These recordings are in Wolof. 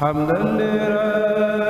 حمدا لله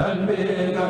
ذنبك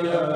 ya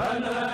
wana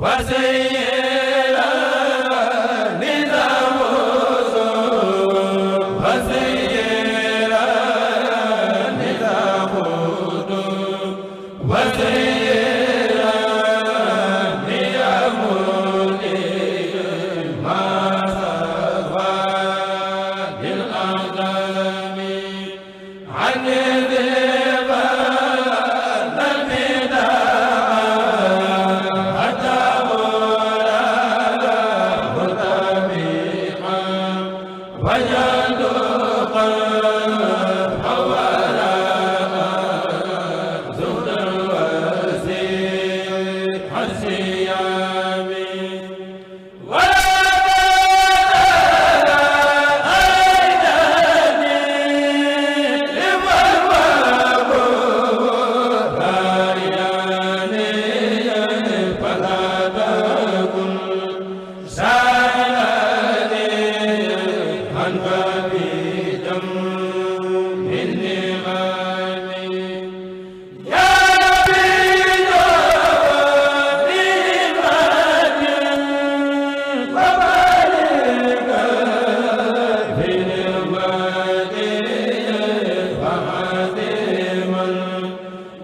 wa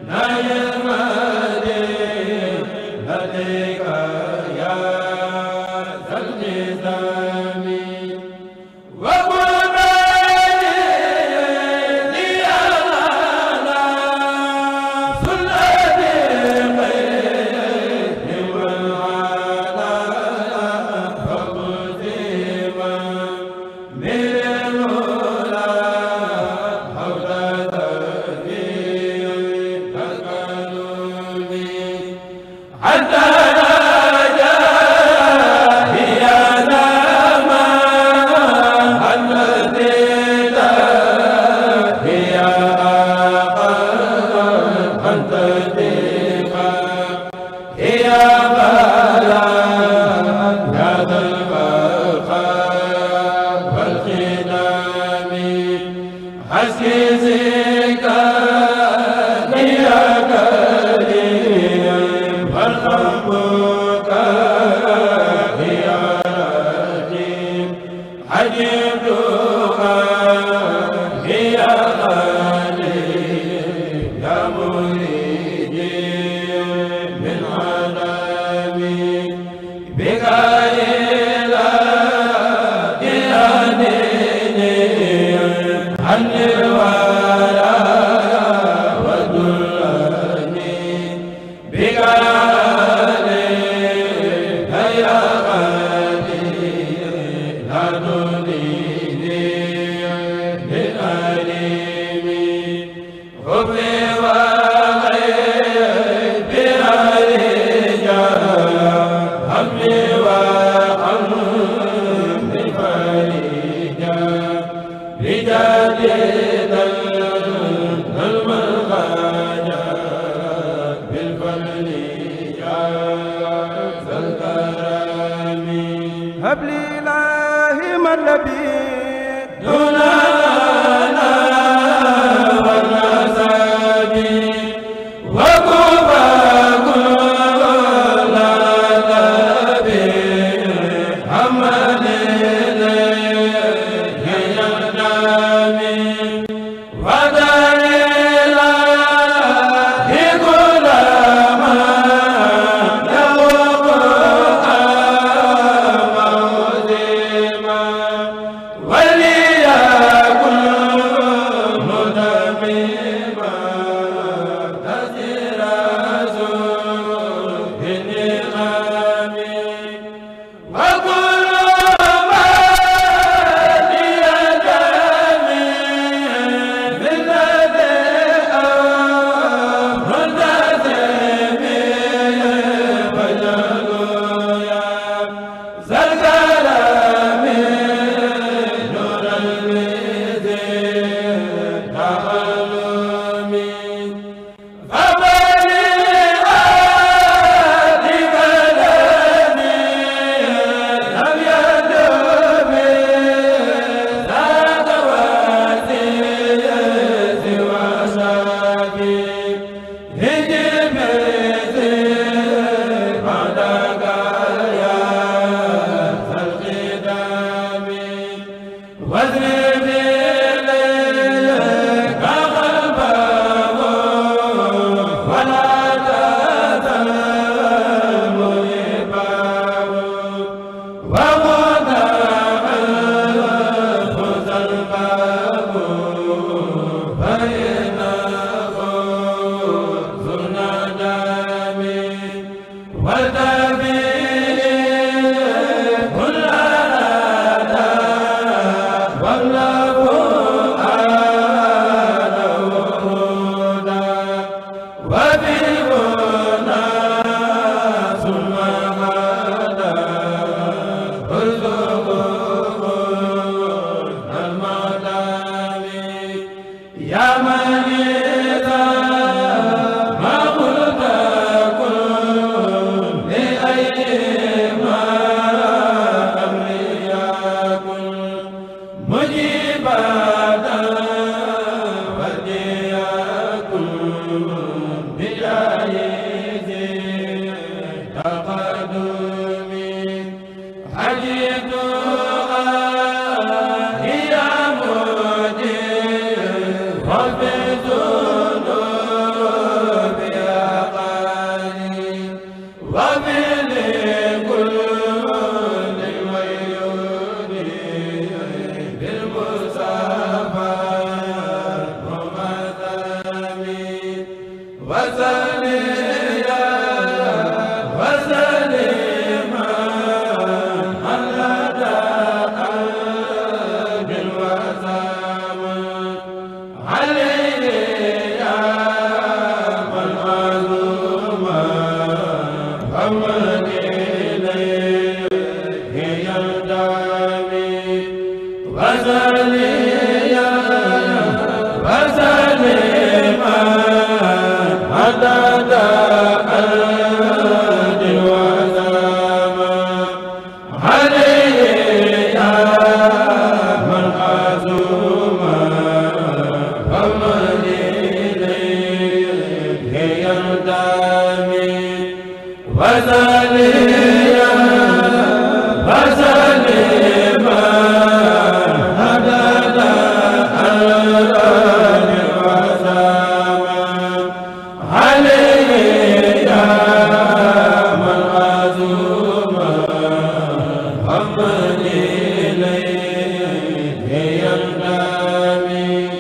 la Amen duna